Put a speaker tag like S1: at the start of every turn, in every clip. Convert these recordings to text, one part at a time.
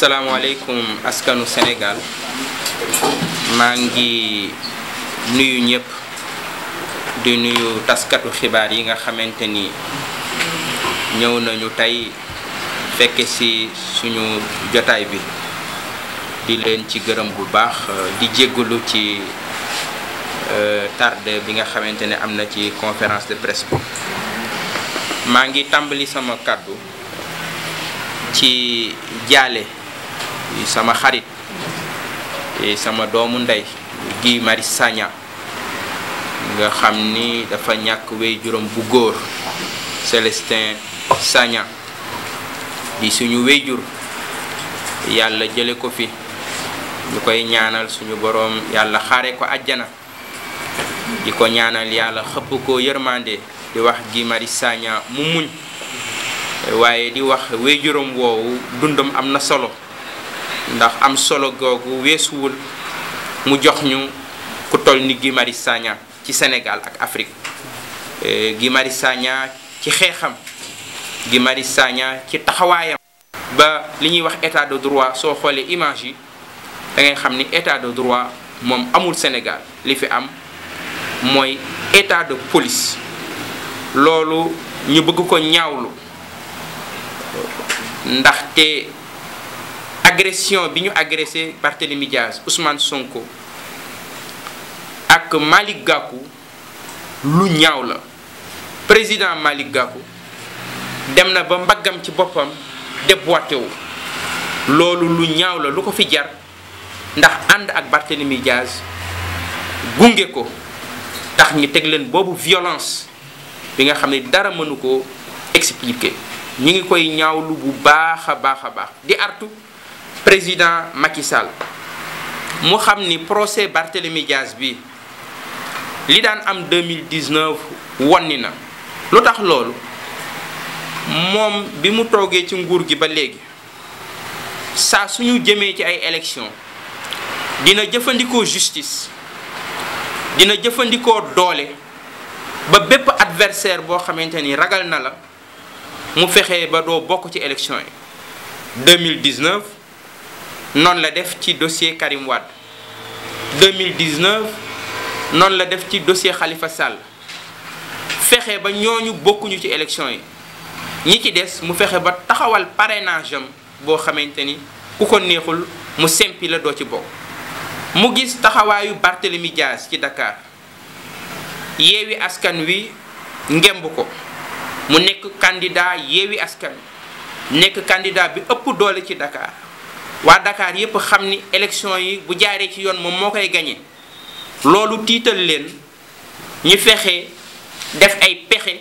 S1: asalaamaaleykum askanu Sénégal maa ngi nuyu ñëpp di nuyu taskatu xibaar yi nga xamante ni ñëw nañu tey fekk ci suñu jotaay bi di leen ci gërëm bu baax di jéggalu ci euh, tarde bi nga xamante ni am na ci conférence de presse bi maa ngi tàmbali sama kàddu ci jaale sama xarit sama doomu ndey Guy mari Sagna nga xam ni dafa ñàkk wéy juróom bu góor Célestin Sagna di suñu wejur yàlla jële ko fi ñu koy ñaanal suñu boroom yàlla xaare ko àjjana di ko ñaanal yàlla xëpp ko yërmande di wax Guy Marius Sagna mu muñ waaye di wax wéyjuram woowu dundam am na solo ndax am solo googu weesuwul mu jox ñu ku toll nit Guy Marius Sagna ci Sénégal ak Afrique eh, Guy Marius Sagna ci xeexam Guy Marius Sagna ci taxawaayam ba li ñuy wax état de droit soo xoolee image yi da ngay xam ni état de droit moom amul Sénégal li fi am mooy état de police loolu ñu bëgg ko ñaawlu ndaxte agression bi ñu agressé Barthélémy Diaz Ousmane Sonko ak Malick gàkku lu ñaaw la président Malick Gakou dem na ba mbaggam ci boppam déboîté loolu lu ñaaw la lu ko fi jar ndax ànd ak Barthélémy gunge ko tax ñu teg leen boobu violence bi nga xam ne dara mënu ko expliquer ñu ngi koy ñaawlu bu baax a baax a baax di artu président Macky mu xam ni procès Barthélémy Dias bi li daan am 2019 wonni na lu tax loolu moom bi mu toogee ci nguur gi ba léegi saa suñu jëmee ci ay élection dina jëfandikoo justice dina jëfandikoo doole ba bépp adversaire boo xamante ni ragal na la mu fexe ba doo bokk ci élection yi 2019 noonu la def ci dossier Karim Wade 2019 noonu la def ci dossier xalifa Sall fexe ba ñooñu bokkuñu ci élection yi ñi ci des mu fexe ba taxawal parrainage am boo xamante ni ku ko neexul mu sempi la doo ci bokk mu gis taxawaayu Barthélemy Dias ci Dakar yeewi askan wi ngemb ko mu nekk candidat yeewi askan nekk candidat bi ëpp doole ci Dakar waa Dakar yépp xam ni élection yi bu jaaree ci yoon moom moo koy gañe loolu tiital leen ñu fexe def ay pexe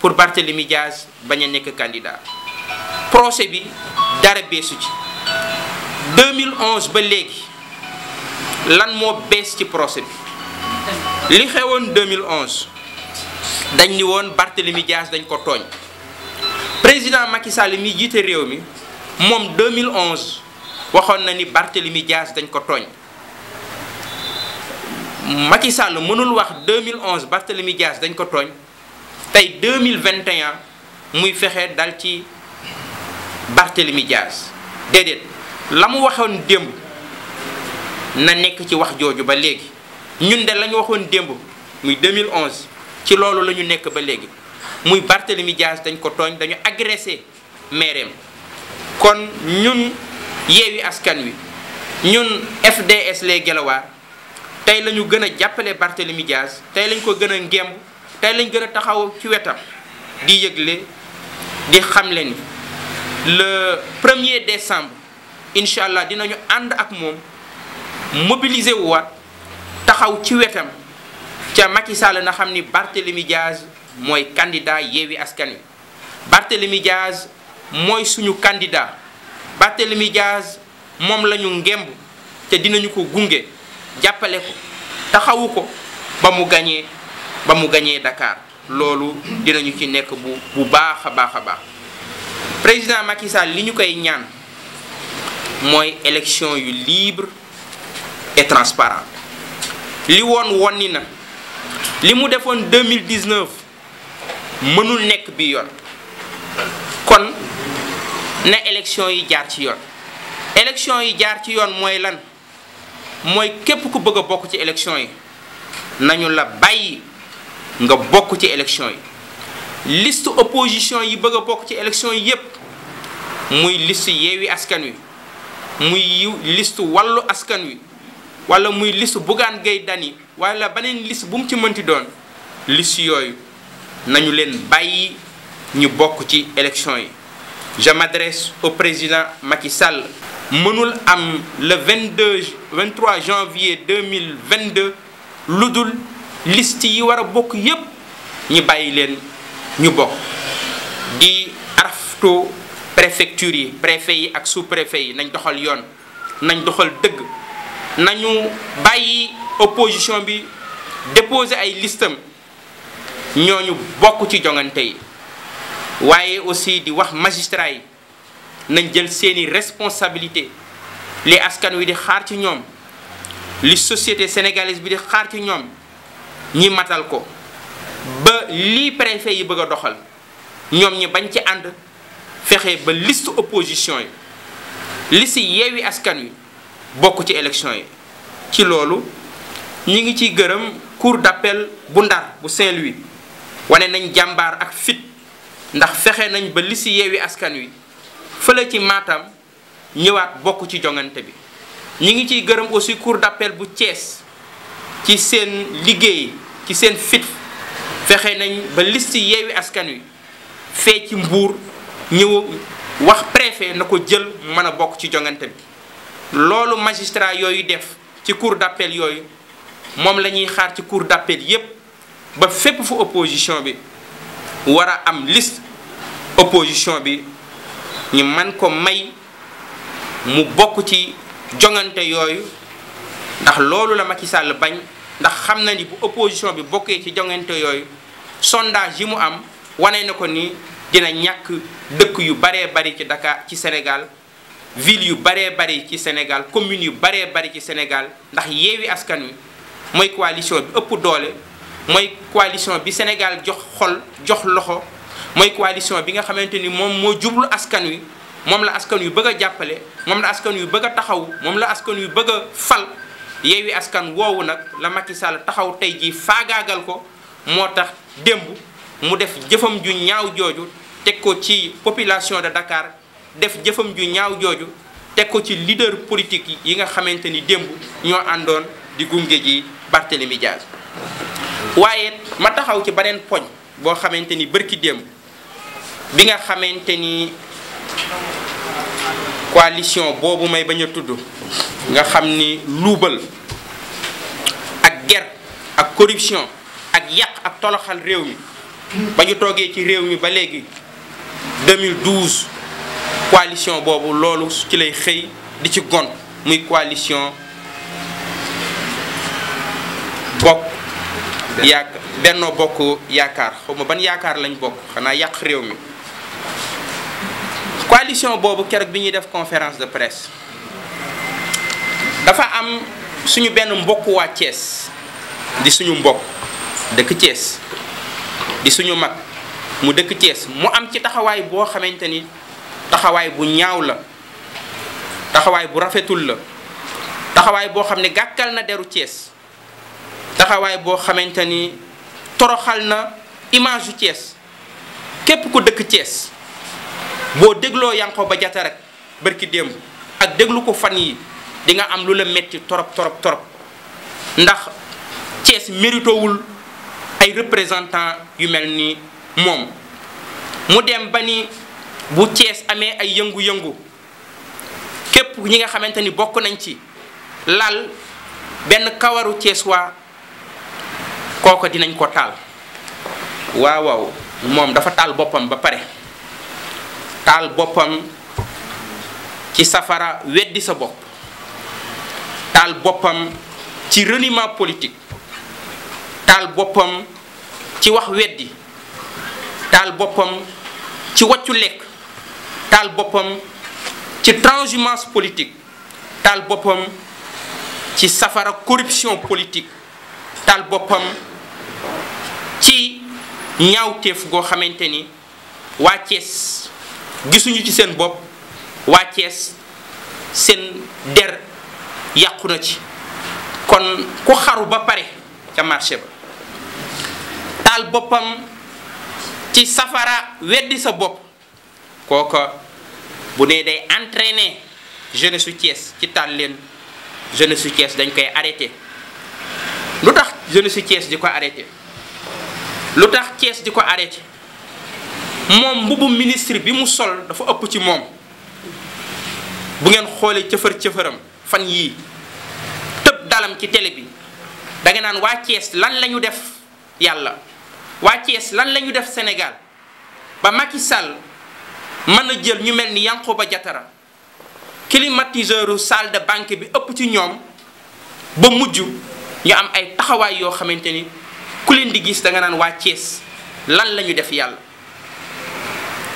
S1: pour Barthélemy Diaz bañ a nekk candidat procès bi dara beesu ci 2011 ba léegi lan moo bees ci procès bi li xewoon 2011 dañ di woon Barthélemy Diaz dañ ko tooñ président Macky Sall mi jiite réew mi moom 2011 waxoon na ni Barthélemy Dias dañ ko tooñ Macky Sall mënul wax 2011 Barthélemy Dias dañ ko tooñ tey 2021 muy fexe dal ci Barthélemy Dias déedéet la mu waxoon démb na nekk ci wax jooju ba léegi ñun de la waxoon démb muy 2011 ci loolu la ñu nekk ba léegi muy Barthélemy Dias dañ ko tooñ dañu agressé meereem kon ñun yeewi askan wi ñun FDS les Guelwaar tey la ñu gën a jàppale Barthélemy Dias tey lañ ko gën a ngemb tey lañ gën a taxaw ci wetam di yëgle di xamle ni le premier er décembre incha allah dinañu ànd ak moom mobiliser wu taxaw ci wetam ca Macky Sall na xam ni Barthélemy Dias mooy candidat yeewi askan wi Barthélemy Dias mooy suñu candidat. Barthélemy Diaz moom la ñu ngemb te dinañu ko gunge jàppale ko taxawu ko ba mu gañee ba mu gañee Dakar loolu dinañu ci nekk bu bu baax a baax a baax président Macky Sall li ñu koy ñaan mooy élection yu libre et transparente li woon wonni na li mu defoon 2019 mënul nekk bi yoon kon na élection yi jaar ci yoon élection yi jaar ci yoon mooy lan mooy képp ku bëgg a bokk ci élection yi nañu la bàyyi nga bokk ci élection yi liste opposition yi bëgg a bokk ci élection yi yépp muy liste yeewi askan wi muy yiw liste wàllu askan wi wala muy liste Bougane Gueye Dany wala beneen liste bu mu ci mënti doon liste yooyu nañu leen bàyyi ñu bokk ci élection yi je m'adresse au président Macky Sall mënul am le 22 23 janvier 2022 lu dul liste yi war a bokk yépp ñi bàyyi leen ñu bokk di araftu préfecture yi préfet yi ak sous yi nañ doxal yoon nañ doxal dëgg nañu bàyyi opposition bi déposer ay listam ñooñu bokk ci jongante yi waaye aussi di wax magistrat yi nañ jël seeni responsabilité li askan wi di xaar ci ñoom li société sénégalaise bi di xaar ci ñoom ñi matal ko ba lii préfet yi bëgg a doxal ñoom ñi bañ ci ànd fexe ba liste opposition yi liste yeewi askan wi bokk ci élection yi ci loolu ñi ngi ciy gërëm cour d'appel bu Ndar bu Saint-Louis wane nañ jàmbaar ak fit ndax fexe nañ ba li si yeewi askan wi fële ci Matam ñëwaat bokk ci jongante bi ñu ngi ciy gërëm aussi cour d'appel bu cees ci seen liggéey ci seen fit fexe nañ ba liste yeewi askan wi fee ci mbuur ñëw wax préfet na ko jël mën a bokk ci jongante bi loolu magistrat yooyu def ci cour d'appel yooyu moom la ñuy xaar ci cour d'appel yépp ba fépp fu opposition bi war am liste opposition bi ñu man ko may mu bokk ci jongante yooyu ndax loolu la ma ci sàll bañ ndax xam na ni bu opposition bi bokkee ci jongante yooyu sondage yi mu am wane na ko ni dina ñàkk dëkk yu baree bari ci Dakar ci Sénégal ville yu baree bari ci Sénégal commune yu baree bari ci Sénégal ndax yeewi askan wi mooy coalition bi ëpp doole mooy coalition bi Sénégal jox xol jox loxo mooy coalition bi nga xamante ni moom moo jublu askan wi moom la askan yu bëgg a jàppale moom la askan yu bëgg a taxaw moom la askan yu bëgg a fal yeewi askan woowu nag la Macky Sall taxaw tey jii faagaagal ko moo tax démb mu def jëfam ju ñaaw jooju teg ko ci population de dakaar def jëfam ju ñaaw jooju teg ko ci leader politique yi nga xamante ni démb ñoo àndoon di gunge ji Barthélémy Dias waaye ma taxaw ci beneen poñ boo xamante ni bërki démb bi nga xamante ni coalition boobu may bañ a tudd nga xam ni luubal ak gert ak corruption ak yàq ak toloxal réew mi ba ñu toogee ci réew mi ba léegi 2012 coalition boobu loolu ci lay xëy di ci gont muy coalition bokk yaak bennoo bokk yaakaar xawma ban yaakaar lañ bokk xanaa yàq réew mi coalition boobu keroog bi ñuy def conférence de presse dafa am suñu benn mbokk waa Thiès di suñu mbokk dëkk Thiès di suñu mag mu dëkk Thiès mu am ci taxawaay boo xamante ni taxawaay bu ñaaw la taxawaay bu rafetul la taxawaay boo xam ne gàkkal na deru Thiès taxawaay boo xamante ni toroxal na image yu Thiès képp ku dëkk Thiès boo dégloo Yankhoba Diatta rek barki démb ak déglu ko fan yi dinga am lu la metti torop torop torop ndax Thiès méritowul ay représentant yu mel ni moom mu dem ba ni bu cees amee ay yëngu-yëngu képp ñi nga xamante ni bokk nañ ci lal benn kawaru cees waa kooko dinañ ko taal waaw moom dafa taal boppam ba pare taal boppam ci safara weddi sa bopp taal boppam ci reniement politik taal boppam ci wax weddi taal boppam ci waccu lekk taal boppam ci transhumance politik taal boppam ci safara corruption politik taal boppam ci ñaawteef goo xamante ni waa gisuñu ci seen bopp waa Cees seen der yàqu na ci kon ku xaru ba pare ca marché ba taal boppam ci safara weddi sa bopp kooka bu ne day entraîner jeunesse su ci taal leen jeunesse su dañ koy arrêté lu tax jeunesse su di ko arrêté lu tax cees di ko arrêté moom mbubbu ministre bi mu sol dafa ëpp ci moom bu ngeen xoolee cëfër cëfëram fan yii tëb dalam ci télé bi da nga naan waa lan la ñu def yàlla waa lan la def senegal ba Macky Sall mën a jël ñu mel ni yànqu ba jatara salle de banque bi ëpp ci ñoom ba mujj ñu am ay taxawaay yoo xamante ni ku leen di gis da nga naan waa lan la def yàlla.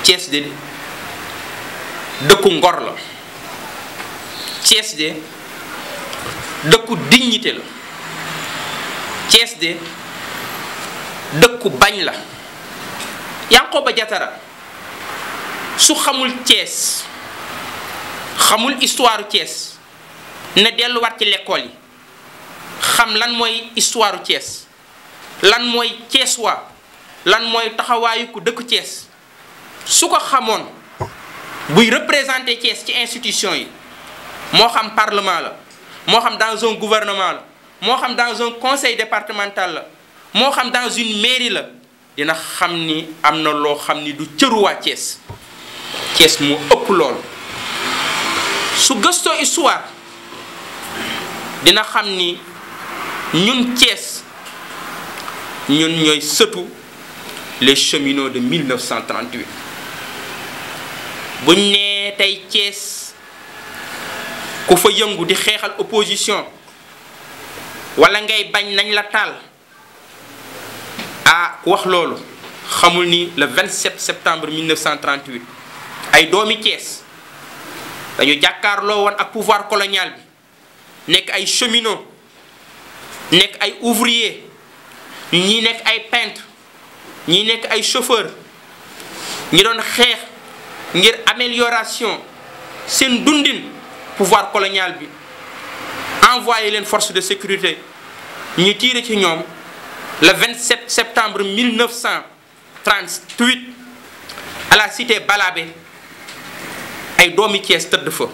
S1: Cees de dëkku ngor la Cees de dëkku dignité la Cees de dëkku bañ la ba jatara su xamul Cees xamul histoire Cees na delluwaat ci lekkool yi xam lan mooy histoire Cees lan mooy Cees waa lan mooy taxawaayu ku dëkk Cees su ko xamoon buy représenté Thiès ci institution yi moo xam parlement la moo xam dans un gouvernement la moo xam dans un conseil départemental la moo xam dans une mairie la dina xam ni am na loo xam ni du cëruwaa Thiès Thiès moo ëpp lool su gëstoo histoire dina xam ni ñun Thiès ñun ñooy sëtu les cheminots de 1938 buñ nee tey Thiès ku fa yëngu di xeexal opposition wala ngay bañ nañ la taal ah ku wax loolu xamul ni le 27 septembre 1938 ay doomi Thiès dañu jàkkaarloo woon ak pouvoir colonial bi nekk ay cheminots nekk ay ouvriers ñi nekk ay peintres ñi nekk ay chauffeurs ñi doon xeex. ngir amélioration seen dundin pouvoir colonial bi envoyé leen force de sécurité ñu tiire ci ñoom le 27 septembre 1938 à la cité Balabé ay doomi Thiès tëdd fa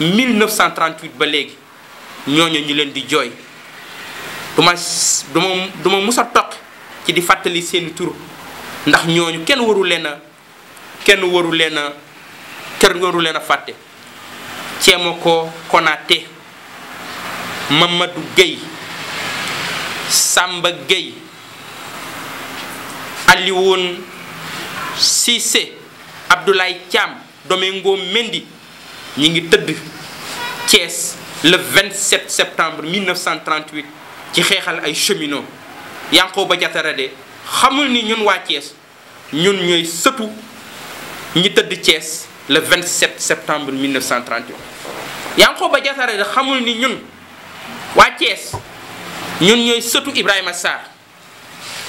S1: 1938 ba léegi ñooñu ñu leen di jooy duma duma duma mus a toq ci di fàttali seen tur ndax ñooñu kenn waru leen a kenn waru leen a kenn waru leen a fàtte Thiemoko Konaté Mamadou Gueye Samba Gueye Alioune Cissé Abdoulaye Thiam Domingo Mendy ñi ngi tëdd Thiès le 27 septembre 1938 ci xeexal ay cheminots Yankhoba Diattara de xamul ni ñun waa Thiès ñun ñooy sëtu ñu tëdd Thiès le 27 septembre 1931 Yankhoba Diattara da xamul ni ñun waa Thiès ñun ñooy sëtu Ibrahima Sarr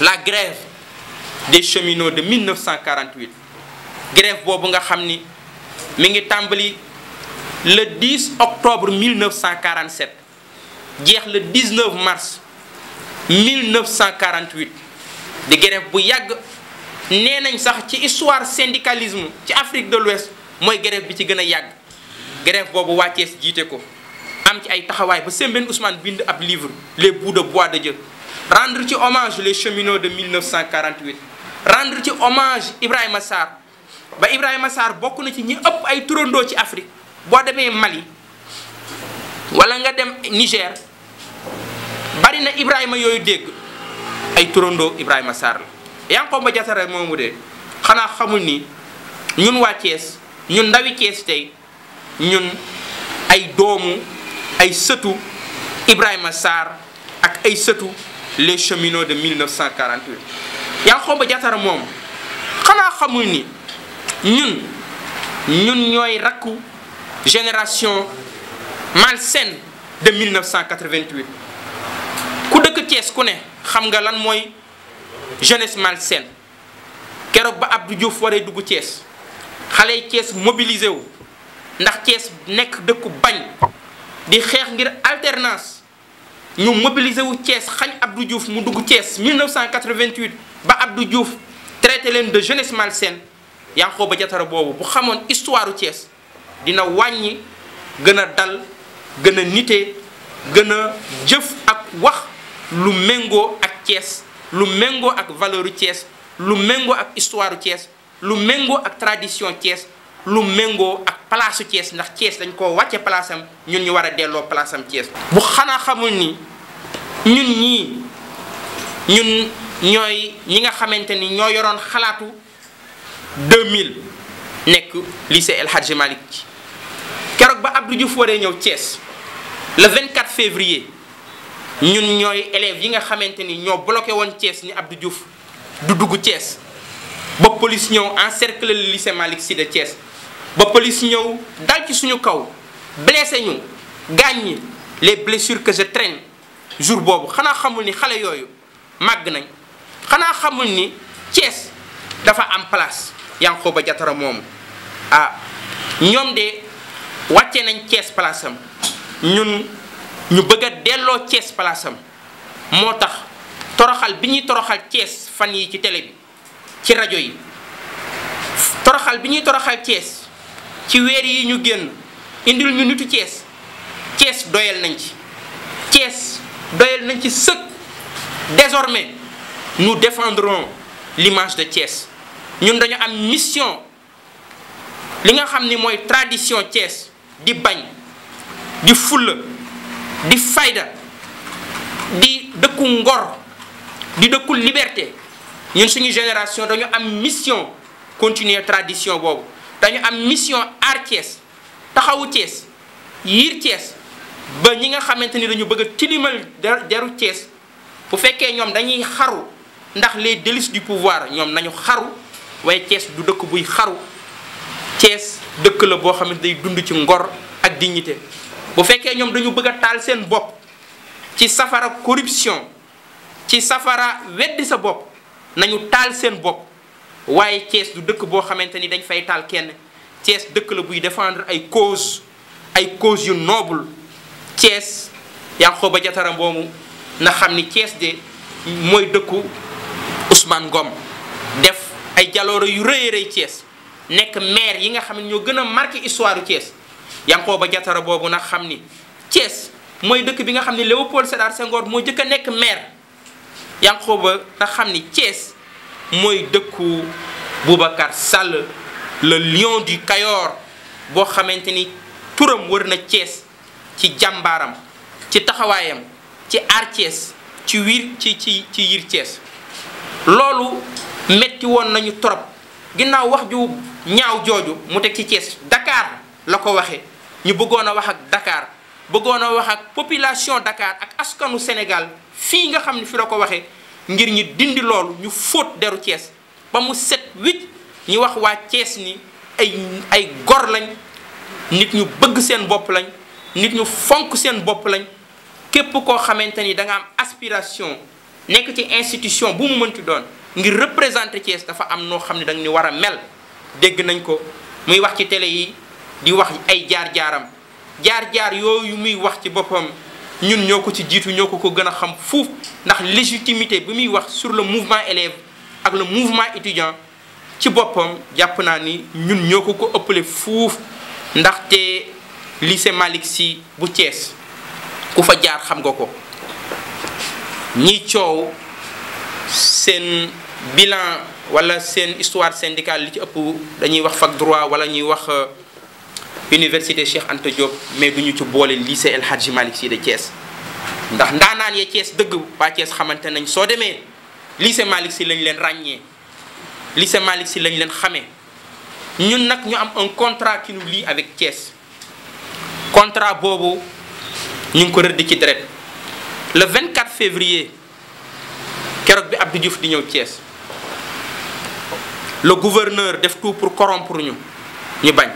S1: la grève des cheminots de 1948 grève boobu nga xam ni mi ngi tàmbali le 10 octobre 1947 jeex la 19 mars 1948 di grève bu yàgg. nee nañ sax ci histoire syndicalisme ci Afrique de l'Ouest mooy grève bi ci gën a yàgg grève boobu waa Thiès jiite ko am ci ay taxawaay ba Sembène Ousmane bind ab livre les bouts bois de Dieu rendre ci hommage le cheminots de 1948 rendre ci hommage Ibrahima Sarr ba Ibrahima Sarr bokk na ci ñi ëpp ay turandoo ci Afrique boo demee Mali walla nga dem Niger bari na Ibrahima yooyu dégg ay turandoo Ibrahima Sarr la Yankoba Diattara moomu de xanaa xamul ni ñun waa Thiès ñun ndawi Thiès tey ñun ay doomu ay sëtu Ibrahima Sarr ak ay sëtu les cheminots de 1948 Yankoba Diattara moom xanaa xamul ni ñun ñun ñooy rakku génération malsaine de 1988 ku dëkk Thiès ku ne xam nga lan mooy. jeunesse malsaine keroog ba abdu Diouf waree dugg Thiès xale yi Thiès mobilisé wu ndax Thiès nekk dëkku bañ di xeex ngir alternance ñu mobilisé wu Thiès xañ Abdou Diouf mu dugg Thiès 1988 ba Abdou Diouf traité leen de jeunesse malsaine ba Diattara boobu bu xamoon histoire u Thiès dina wàññi gën a dal gën a nite gën a jëf ak wax lu méngoo ak Thiès lu méngoo ak valeur Thiès lu méngoo ak histoire Thiès lu méngoo ak tradition Thiès lu méngoo ak palaasu Thiès ndax cees dañ koo wàcce palaasam ñun ñu war a delloo palaasam Thiès bu xanaa xamul ni ñun ñii ñun ñooy ñi nga xamante ni ñoo yoroon xalaatu 2000 nekk lycée El Hadji Malick keroog ba Abdou Diouf waree ñëw Thiès le 24 février ñun ñooy élèves yi nga xamante ni ñoo bloqué woon Thiès ni Abdou juf du dugg cees ba police ñëw encercle le lycée Malick Sy de Thiès ba police ñëw dal ci suñu kaw blessé ñu gaañ ñi les blessures que je traîne jour boobu xanaa xamul ni xale yooyu màgg nañ xanaa xamul ni Thiès dafa am place ba Diattara moomu ah ñoom de wàcce nañ cees place am ñun. ñu bëgg a delloo cees palaasam moo tax toroxal bi ñuy toroxal Thiès fan yi ci télé bi ci rajo yi toroxal bi ñuy toroxal Thiès ci weer yi ñu génn indil ñu nitu Thiès Thiès doyal nañ ci Thiès doyal nañ ci sëkk désormais nous défendrons l'image de Thiès ñun dañu am mission li nga xam ni mooy tradition Thiès di bañ di fulla di fayda di dëkku ngor di dëkku liberté ñun suñu génération dañu am mission continuer tradition boobu dañu am mission aar Thiès taxawu Thiès yiir Thiès ba ñi nga xamante ni dañu bëgg a tilimal deru Thiès bu fekkee ñoom dañuy xaru ndax les délices du pouvoir ñoom nañu xaru waaye Thiès du dëkk buy xaru Thiès dëkk la boo xamante day dund ci ngor ak dignité bu fekkee ñoom dañu bëgg a taal seen bopp ci safara corruption ci safara wedd sa bopp nañu taal seen bopp waaye Thiès du dëkk boo xamante ni dañ fay taal kenn Thiès dëkk la buy défendre ay cause ay cause yu noble Thiès Yankhoba jatara moomu na xam ni Thiès de mooy dëkku Ousmane Ngom def ay jaloore yu rëy rëy Thiès nekk maire yi nga xam ne ñoo gën a marqué histoire u ba Diattara boobu nag xam ni Thiès mooy dëkk bi nga xam ni Léopold Sédar Senghor moo jëkk a nekk maire Yankhoba nag xam ni cees mooy dëkku Boubacar Sall le lion du kayoor boo xamante ni turam wër na Thiès ci jàmbaram ci taxawaayam ci aar Thiès ci wiir ci ci ci yir loolu metti woon nañu trop ginnaaw wax ju ñaaw jooju mu teg ci Thiès Dakar la ko waxee ñu bëggoon a wax ak dakaar bëggoon a wax ak population dakaar ak askanu Sénégal fii nga xam ne fi la ko waxee ngir ñu dindi loolu ñu fóot deru Thiès ba mu set wicc ñu wax waa cees ni ay gor lañ nit ñu bëgg seen bopp lañ nit ñu fonk seen bopp lañ képp koo xamante ni da am aspiration nekk ci institution bu mu mënti doon ngir représenter Thiès dafa am noo xam ne da ni war a mel dégg nañ ko muy wax ci tele yi di wax ay jaar-jaaram jaar-jaar yooyu muy wax ci boppam ñun ñoo ko ci jiitu ñoo ko ko gën a xam fuuf ndax légitimité bi muy wax sur le mouvement élève ak le mouvement étudiant ci boppam jàpp naa ni ñun ñoo ko ko ëppale fuuf ndaxte lycée Malick Sy bu Thiès ku fa jaar xam nga ko ñi coow seen bilan walla seen histoire syndicale li ci ëpp dañuy wax fac droit wala ñuy wax euh, université Cheikh Anta Diop mais ñu ci boole lycée El Hadji Malick Sy de Thiès ndax ndaanaan ya Thiès dëgg waa Thiès xamante nañ soo demee lycée Malick Sy lañ leen ràññee lycée Malick Sy lañ leen xamee ñun nag ñu am un contrat qui nous lie avec Thiès contrat boobu ñu ngi ko rëdd ci deret le 24 février keroog bi Abdou Diouf di ñëw Thiès le gouverneur def tout pour corrompre ñu ñu bañ.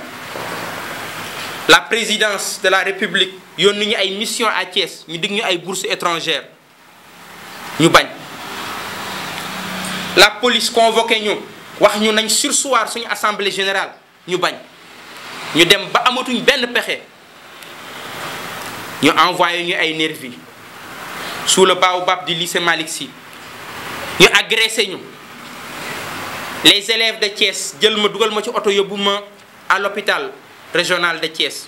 S1: la présidence de la république yónni ñu ay mission à Thiès ñu dig ñu ay bourses étrangères ñu bañ la police convoqué ñu wax ñu nañ surseoir suñu assemblée générale ñu bañ ñu dem ba amatuñ benn pexe ñu envoyé ñu ay nervi sous le baobab di lycée Malick Sy ñu agressé ñu les élèves de Thiès jël ma dugal ma ci oto yóbbu ma à l'hôpital régionale de Thiès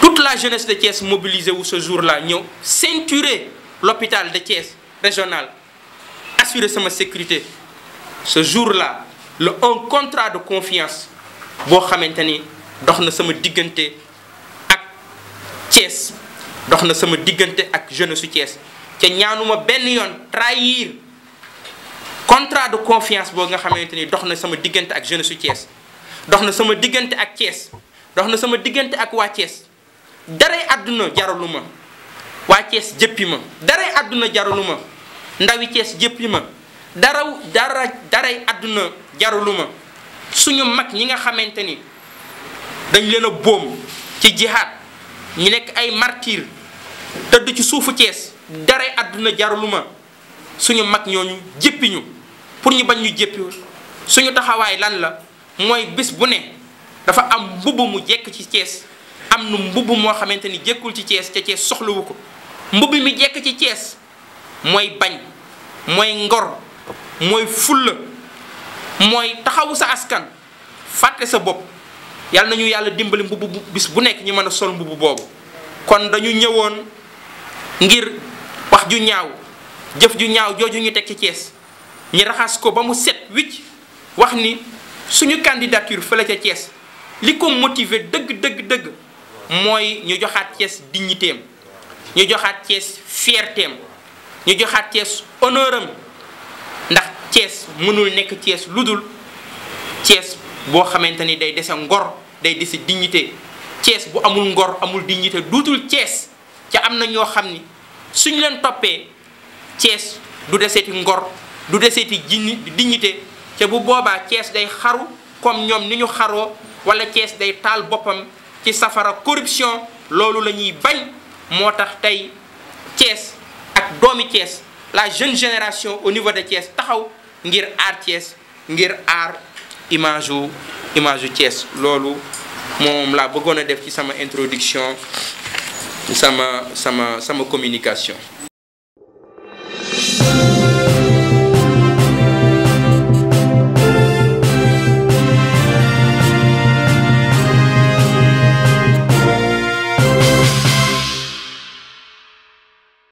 S1: toute la jeunesse de Thiès mobilisée wu ce jour-là ñëw ceinturer l'hôpital de Thiès régional assurer sama sécurité ce jour la la un contrat de confiance boo xamante ni dox na sama diggante ak Thiès dox na sama diggante ak jeunesse su Thiès ñaanuma benn yoon trahir contrat de confiance boo nga xamante ni dox na sama diggante ak jeunesse su Thiès dox na sama diggante ak Thiès dox na sama diggante ak waa Thiès daray àdduna jaralu ma waa Thiès jëppi ma daray àdduna jaralu ma ndawi Thiès jëppi ma daraw dara daray àdduna jaralu suñu mag ñi nga xamante ni dañ leen a boom ci jihaad ñu nekk ay martyr tëdd ci suufu Thiès daray àdduna jaralu ma suñu mag ñooñu jëppiñu pour ñu bañ ñu jëppi suñu taxawaay lan la mooy bis bu ne dafa am mbubb mu jekk ci Thiès am nu mbubb moo xamante ni jekkul ci cees ca Thiès soxlawu ko mbubb mi jekk ci cees mooy bañ mooy ngor mooy fulla mooy taxawu sa askan fàtte sa bopp yàlla nañu yàlla dimbali mbubb bu bis bu nekk ñu mën a sol mbubb boobu kon dañu ñëwoon ngir wax ju ñaaw jëf ju ñaaw jooju ñu teg ci cees ñu raxas ko ba mu set wicc wax ni suñu candidature fële ca Thiès li ko motiver dëgg dëgg mooy ñu joxaat Thiès dignité am ñu joxaat Thiès fierté ñu joxaat Thiès honneur ndax cees mënul nekk Thiès lu dul cees boo xamante ni day dese ngor day dese dignité cees bu amul ngor amul dignité duutul Thiès ca am na ñoo xam ni suñ leen toppee cees du deseeti ngor du deseeti dignité ca bu boobaa Thiès day xaru comme ñoom ni ñu xaroo wala Thiès day taal boppam ci safara corruption loolu la ñuy bañ moo tax tey Thiès ak doomi Thiès la jeune génération au niveau de Thiès taxaw ngir aar Thiès ngir aar image u image u Thiès loolu moom laa bëggoon a def ci sama introduction sama sama sama communication